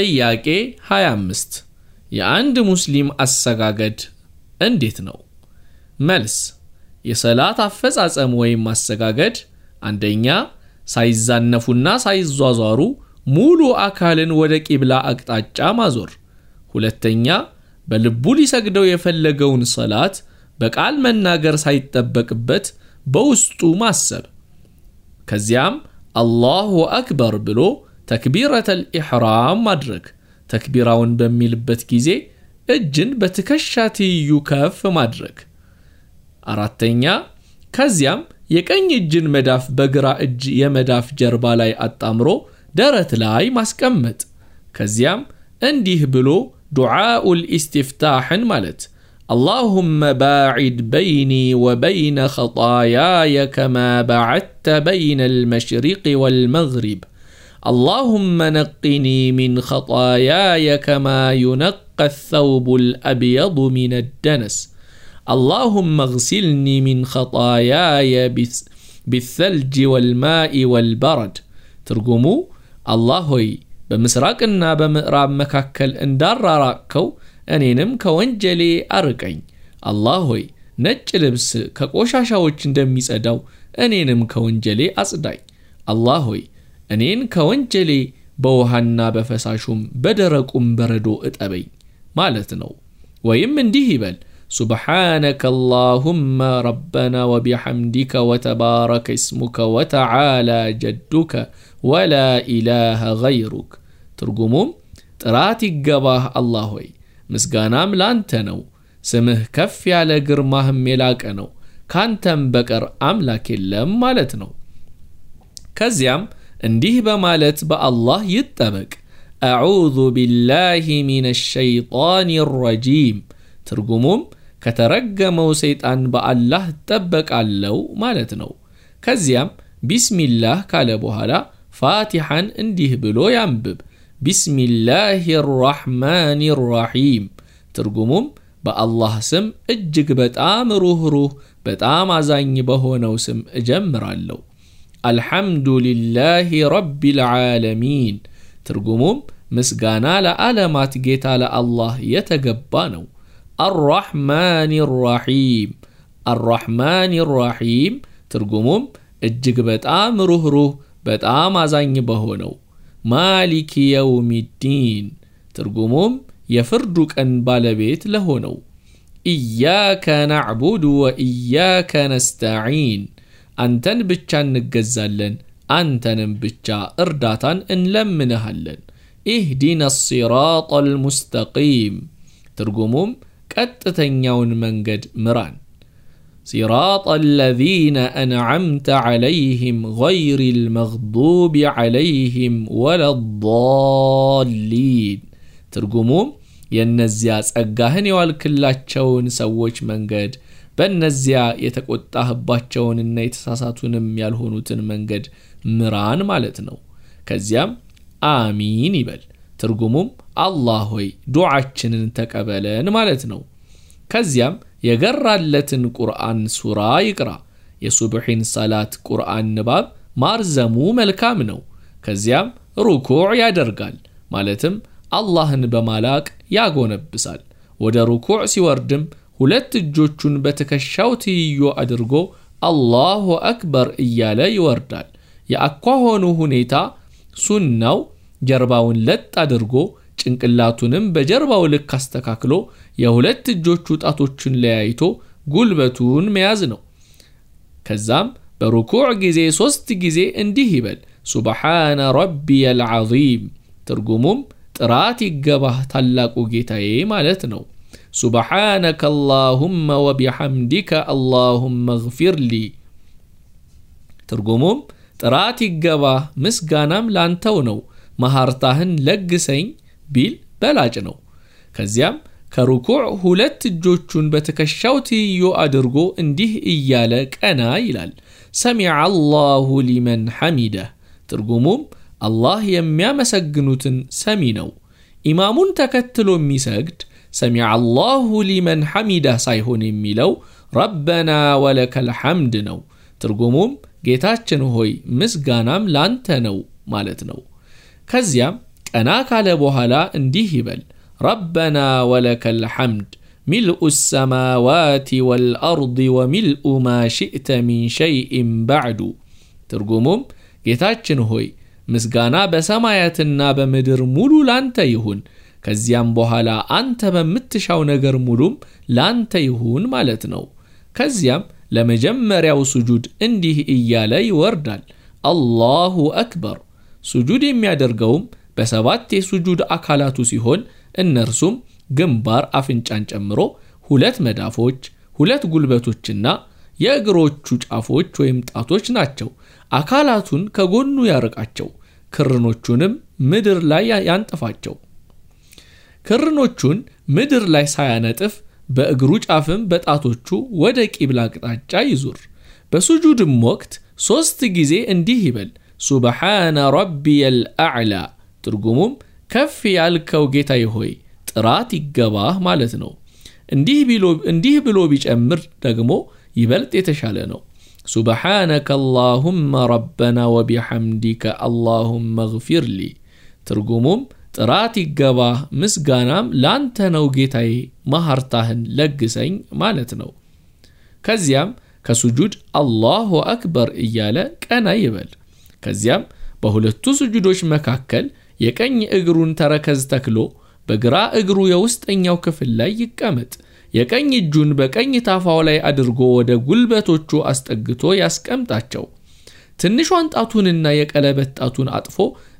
ጥያቄ 25 የአንድ ሙስሊም አሰጋገድ እንዴት ነው? መልስ የሰላት አፈጻጸም ወይም አሰጋገድ አንደኛ ሳይዛነፉና ሳይዟዟሩ ሙሉ አካልን ወደ ቂብላ አቅጣጫ ማዞር፣ ሁለተኛ በልቡ ሊሰግደው የፈለገውን ሰላት በቃል መናገር ሳይጠበቅበት በውስጡ ማሰብ፣ ከዚያም አላሁ አክበር ብሎ ተክቢረተል ኢሕራም ማድረግ ተክቢራውን በሚልበት ጊዜ እጅን በትከሻ ትይዩ ከፍ ማድረግ። አራተኛ ከዚያም የቀኝ እጅን መዳፍ በግራ እጅ የመዳፍ ጀርባ ላይ አጣምሮ ደረት ላይ ማስቀመጥ። ከዚያም እንዲህ ብሎ ዱዓኡል ኢስቲፍታሕን ማለት اللهم باعد بيني وبين خطاياي كما بعدت بين المشرق والمغرب اللهم نقني من خطاياي كما ينقى الثوب الأبيض من الدنس اللهم اغسلني من خطاياي بالثلج والماء والبرد ترجموا الله በምስራቅና በምዕራብ መካከል እንዳራራቅከው እኔንም ከወንጀሌ አርቀኝ አላህ ሆይ ነጭ ልብስ ከቆሻሻዎች እንደሚጸዳው اني ከወንጀሌ አጽዳኝ اصداي الله እኔን ከወንጀሌ በውሃና በፈሳሹም በደረቁም በረዶ እጠበኝ ማለት ነው ወይም እንዲህ ይበል سبحانك اللهم ربنا وبحمدك وتبارك اسمك وتعالى جدك ولا إله غيرك ترجمهم تراتي الجباه الله وي مسجانا ملانتنو سمه كفي على جرمه ملاكنو كان تنبكر أملك اللهم مالتنو كزيام እንዲህ በማለት በአላህ ይጠበቅ አዑዙ ቢላሂ ሚነ ሸይጣን ረጂም ትርጉሙም ከተረገመው ሰይጣን በአላህ እጠበቃለው ማለት ነው ከዚያም ቢስሚላህ ካለ በኋላ ፋቲሐን እንዲህ ብሎ ያንብብ ቢስሚላህ ራሕማን ራሒም ትርጉሙም በአላህ ስም እጅግ በጣም ሩህሩህ በጣም አዛኝ በሆነው ስም እጀምራለሁ الحمد لله رب العالمين ترجمهم مسجانا لألمات جيتا لالله يتقبانو الرحمن الرحيم الرحمن الرحيم ترجمهم اجيك بتام رهره بتام عزاني بهونو مالك يوم الدين ترجمهم يفرجك أن بالبيت لهونو إياك نعبد وإياك نستعين አንተን ብቻ እንገዛለን አንተንም ብቻ እርዳታን እንለምንሃለን ኢህዲና ሲራጥ አልሙስተቂም ትርጉሙም ቀጥተኛውን መንገድ مران صراط الذين أنعمت عليهم غير المغضوب عليهم ولا الضالين ترجموم ينزياز والكلات شون سووش منجد በእነዚያ የተቆጣህባቸውንና የተሳሳቱንም ያልሆኑትን መንገድ ምራን ማለት ነው። ከዚያም አሚን ይበል። ትርጉሙም አላህ ሆይ ዱዓችንን ተቀበለን ማለት ነው። ከዚያም የገራለትን ቁርአን ሱራ ይቅራ። የሱብሒን ሰላት ቁርአን ንባብ ማርዘሙ መልካም ነው። ከዚያም ሩኩዕ ያደርጋል ማለትም አላህን በማላቅ ያጎነብሳል። ወደ ሩኩዕ ሲወርድም ሁለት እጆቹን በትከሻው ትይዮ አድርጎ አላሁ አክበር እያለ ይወርዳል። የአኳሆኑ ሁኔታ ሱናው ጀርባውን ለጥ አድርጎ ጭንቅላቱንም በጀርባው ልክ አስተካክሎ የሁለት እጆቹ ጣቶችን ለያይቶ ጉልበቱን መያዝ ነው። ከዛም በሩኩዕ ጊዜ ሦስት ጊዜ እንዲህ ይበል፣ ሱብሓነ ረቢየል ዐዚም። ትርጉሙም ጥራት ይገባህ ታላቁ ጌታዬ ማለት ነው። سبحانك اللهم وبحمدك اللهم اغفر لي ترجمهم ጥራት ይገባህ ምስጋናም ላንተው ነው መሐርታህን ለግሰኝ ቢል በላጭ ነው ከዚያም ከሩኩዕ ሁለት እጆቹን በትከሻው ትይዩ አድርጎ እንዲህ እያለ ቀና ይላል ሰሚዐ አላሁ ሊመን ሐሚደህ ትርጉሙም አላህ የሚያመሰግኑትን ሰሚ ነው ኢማሙን ተከትሎ የሚሰግድ سمع الله لمن حمده سايحون ميلو ربنا ولك الحمد نو ترجموم جيتاتشن هوي مسغانام لانتنو نو كزيا انا كالا اندي هبل ربنا ولك الحمد ملء السماوات والأرض وملء ما شئت من شيء بعد ترجموم جيتاتشن هوي مسغانا بسمايتنا بمدر مولو لانتا يهون ከዚያም በኋላ አንተ በምትሻው ነገር ሙሉም ላንተ ይሁን ማለት ነው። ከዚያም ለመጀመሪያው ስጁድ እንዲህ እያለ ይወርዳል። አላሁ አክበር። ስጁድ የሚያደርገውም በሰባት የሱጁድ አካላቱ ሲሆን እነርሱም ግንባር አፍንጫን ጨምሮ ሁለት መዳፎች፣ ሁለት ጉልበቶችና የእግሮቹ ጫፎች ወይም ጣቶች ናቸው። አካላቱን ከጎኑ ያርቃቸው፣ ክርኖቹንም ምድር ላይ ያንጥፋቸው። ክርኖቹን ምድር ላይ ሳያነጥፍ በእግሩ ጫፍም በጣቶቹ ወደ ቂብላ አቅጣጫ ይዙር። በሱጁድም ወቅት ሦስት ጊዜ እንዲህ ይበል፣ ሱብሓነ ረቢየል አዕላ። ትርጉሙም ከፍ ያልከው ጌታዬ ሆይ ጥራት ይገባህ ማለት ነው። እንዲህ ብሎ ቢጨምር ደግሞ ይበልጥ የተሻለ ነው። ሱብሓነከ አላሁመ ረበና ወቢሐምዲከ አላሁመ ግፊር ሊ። ትርጉሙም ጥራት ይገባ ምስጋናም ላንተ ነው ጌታዬ፣ ማህርታህን ለግሰኝ ማለት ነው። ከዚያም ከሱጁድ አላሁ አክበር እያለ ቀና ይበል። ከዚያም በሁለቱ ስጁዶች መካከል የቀኝ እግሩን ተረከዝ ተክሎ በግራ እግሩ የውስጠኛው ክፍል ላይ ይቀመጥ። የቀኝ እጁን በቀኝ ታፋው ላይ አድርጎ ወደ ጉልበቶቹ አስጠግቶ ያስቀምጣቸው። ትንሿን ጣቱንና የቀለበት ጣቱን አጥፎ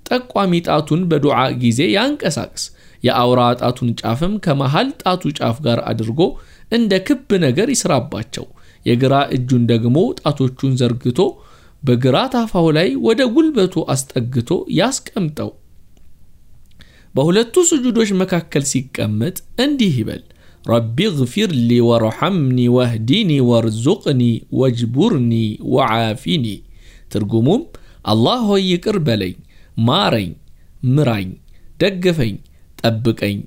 ጠቋሚ ጣቱን በዱዓ ጊዜ ያንቀሳቅስ። የአውራ ጣቱን ጫፍም ከመሃል ጣቱ ጫፍ ጋር አድርጎ እንደ ክብ ነገር ይስራባቸው። የግራ እጁን ደግሞ ጣቶቹን ዘርግቶ በግራ ታፋው ላይ ወደ ጉልበቱ አስጠግቶ ያስቀምጠው። በሁለቱ ስጁዶች መካከል ሲቀመጥ እንዲህ ይበል፣ ረቢ ግፊር ሊ ወርሐምኒ ወህዲኒ ወርዙቅኒ ወጅቡርኒ ወዓፊኒ። ትርጉሙም አላህ ሆይ ይቅር በለኝ ማረኝ፣ ምራኝ፣ ደግፈኝ፣ ጠብቀኝ፣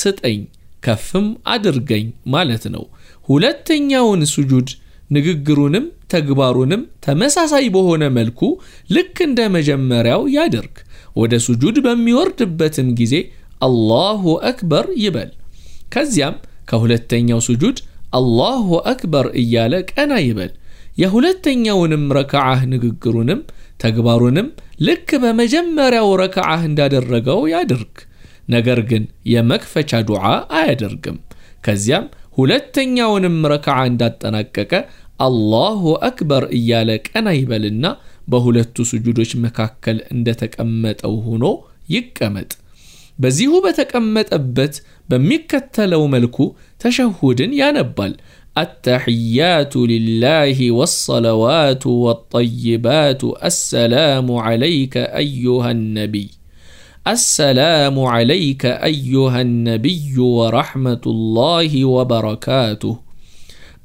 ስጠኝ፣ ከፍም አድርገኝ ማለት ነው። ሁለተኛውን ስጁድ ንግግሩንም ተግባሩንም ተመሳሳይ በሆነ መልኩ ልክ እንደ መጀመሪያው ያድርግ። ወደ ስጁድ በሚወርድበትም ጊዜ አላሁ አክበር ይበል። ከዚያም ከሁለተኛው ስጁድ አላሁ አክበር እያለ ቀና ይበል። የሁለተኛውንም ረክዓህ ንግግሩንም ተግባሩንም ልክ በመጀመሪያው ረክዓህ እንዳደረገው ያድርግ። ነገር ግን የመክፈቻ ዱዓ አያደርግም። ከዚያም ሁለተኛውንም ረክዓ እንዳጠናቀቀ አላሁ አክበር እያለ ቀና ይበልና በሁለቱ ስጁዶች መካከል እንደተቀመጠው ሆኖ ይቀመጥ። በዚሁ በተቀመጠበት በሚከተለው መልኩ ተሸሁድን ያነባል። التحيات لله والصلوات والطيبات السلام عليك ايها النبي السلام عليك ايها النبي ورحمه الله وبركاته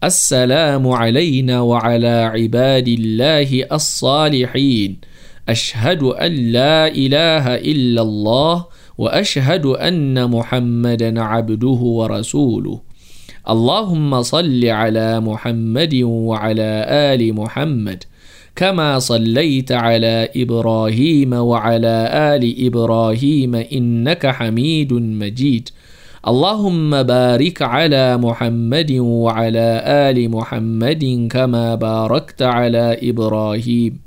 السلام علينا وعلى عباد الله الصالحين اشهد ان لا اله الا الله واشهد ان محمدا عبده ورسوله اللهم صل على محمد وعلى ال محمد كما صليت على ابراهيم وعلى ال ابراهيم انك حميد مجيد اللهم بارك على محمد وعلى ال محمد كما باركت على ابراهيم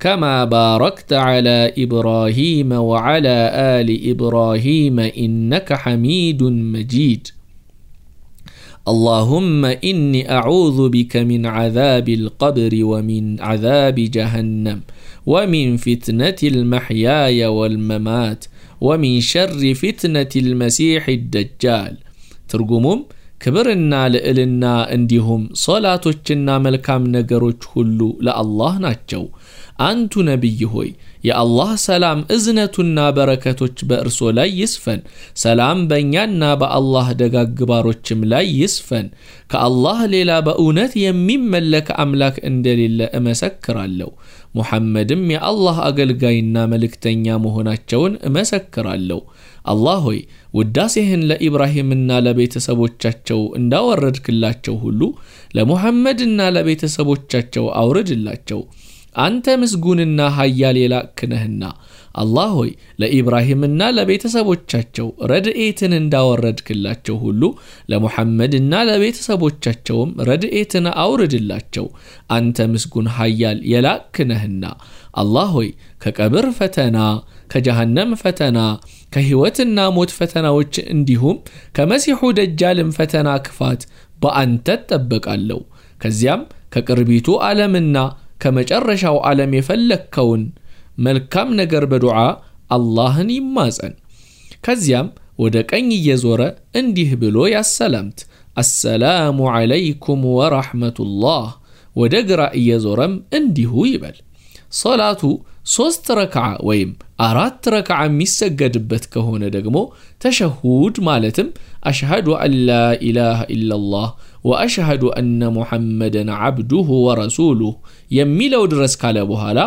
كما باركت على ابراهيم وعلى ال ابراهيم انك حميد مجيد اللهم إني أعوذ بك من عذاب القبر ومن عذاب جهنم ومن فتنة المحيا والممات ومن شر فتنة المسيح الدجال ترجمهم كبرنا لإلنا انديهم صلاتوچنا ملكام كله لأ لالله ناتشو أنت نبي هوي የአላህ ሰላም እዝነቱና በረከቶች በእርሶ ላይ ይስፈን። ሰላም በእኛና በአላህ ደጋግባሮችም ላይ ይስፈን። ከአላህ ሌላ በእውነት የሚመለክ አምላክ እንደሌለ እመሰክራለሁ። ሙሐመድም የአላህ አገልጋይና መልእክተኛ መሆናቸውን እመሰክራለሁ። አላህ ሆይ ውዳሴህን ለኢብራሂምና ለቤተሰቦቻቸው እንዳወረድክላቸው ሁሉ ለሙሐመድና ለቤተሰቦቻቸው አውርድላቸው። አንተ ምስጉንና ሀያል የላክነህና አላህ ሆይ ለኢብራሂምና ለቤተሰቦቻቸው ረድኤትን እንዳወረድክላቸው ሁሉ ለሙሐመድና ለቤተሰቦቻቸውም ረድኤትን አውርድላቸው አንተ ምስጉን ሀያል የላክነህና ነህና አላህ ሆይ ከቀብር ፈተና ከጀሃነም ፈተና ከሕይወትና ሞት ፈተናዎች እንዲሁም ከመሲሑ ደጃልም ፈተና ክፋት በአንተ ጠበቃለሁ ከዚያም ከቅርቢቱ ዓለምና ከመጨረሻው ዓለም የፈለግከውን መልካም ነገር በዱዓ አላህን ይማጸን። ከዚያም ወደ ቀኝ እየዞረ እንዲህ ብሎ ያሰላምት፣ አሰላሙ ዓለይኩም ወራሕመቱላህ። ወደ ግራ እየዞረም እንዲሁ ይበል። ሶላቱ ሶስት ረክዓ ወይም አራት ረክዓ የሚሰገድበት ከሆነ ደግሞ ተሸሁድ ማለትም አሽሃዱ አን ላ ኢላሃ ኢላላህ ወአሽሃዱ አነ ሙሐመደን ዓብዱሁ ወረሱሉህ የሚለው ድረስ ካለ በኋላ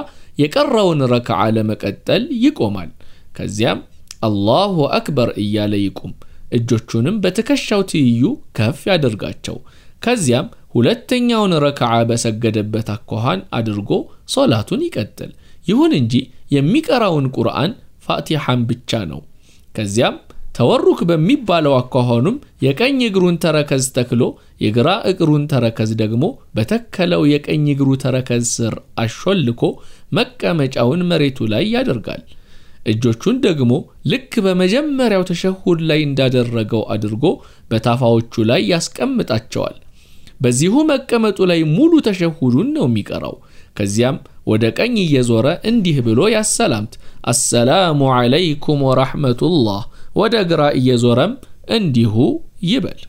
የቀረውን ረክዓ ለመቀጠል ይቆማል። ከዚያም አላሁ አክበር እያለ ይቁም። እጆቹንም በትከሻው ትይዩ ከፍ ያደርጋቸው። ከዚያም ሁለተኛውን ረክዓ በሰገደበት አኳኋን አድርጎ ሶላቱን ይቀጥል። ይሁን እንጂ የሚቀራውን ቁርአን ፋቲሐን ብቻ ነው። ከዚያም ተወሩክ በሚባለው አኳኋኑም የቀኝ እግሩን ተረከዝ ተክሎ የግራ እግሩን ተረከዝ ደግሞ በተከለው የቀኝ እግሩ ተረከዝ ስር አሾልኮ መቀመጫውን መሬቱ ላይ ያደርጋል። እጆቹን ደግሞ ልክ በመጀመሪያው ተሸሁድ ላይ እንዳደረገው አድርጎ በታፋዎቹ ላይ ያስቀምጣቸዋል። በዚሁ መቀመጡ ላይ ሙሉ ተሸሁዱን ነው የሚቀራው። ከዚያም ወደ ቀኝ እየዞረ እንዲህ ብሎ ያሰላምት፣ አሰላሙ ዓለይኩም ወራህመቱላህ። ወደ ግራ እየዞረም እንዲሁ ይበል።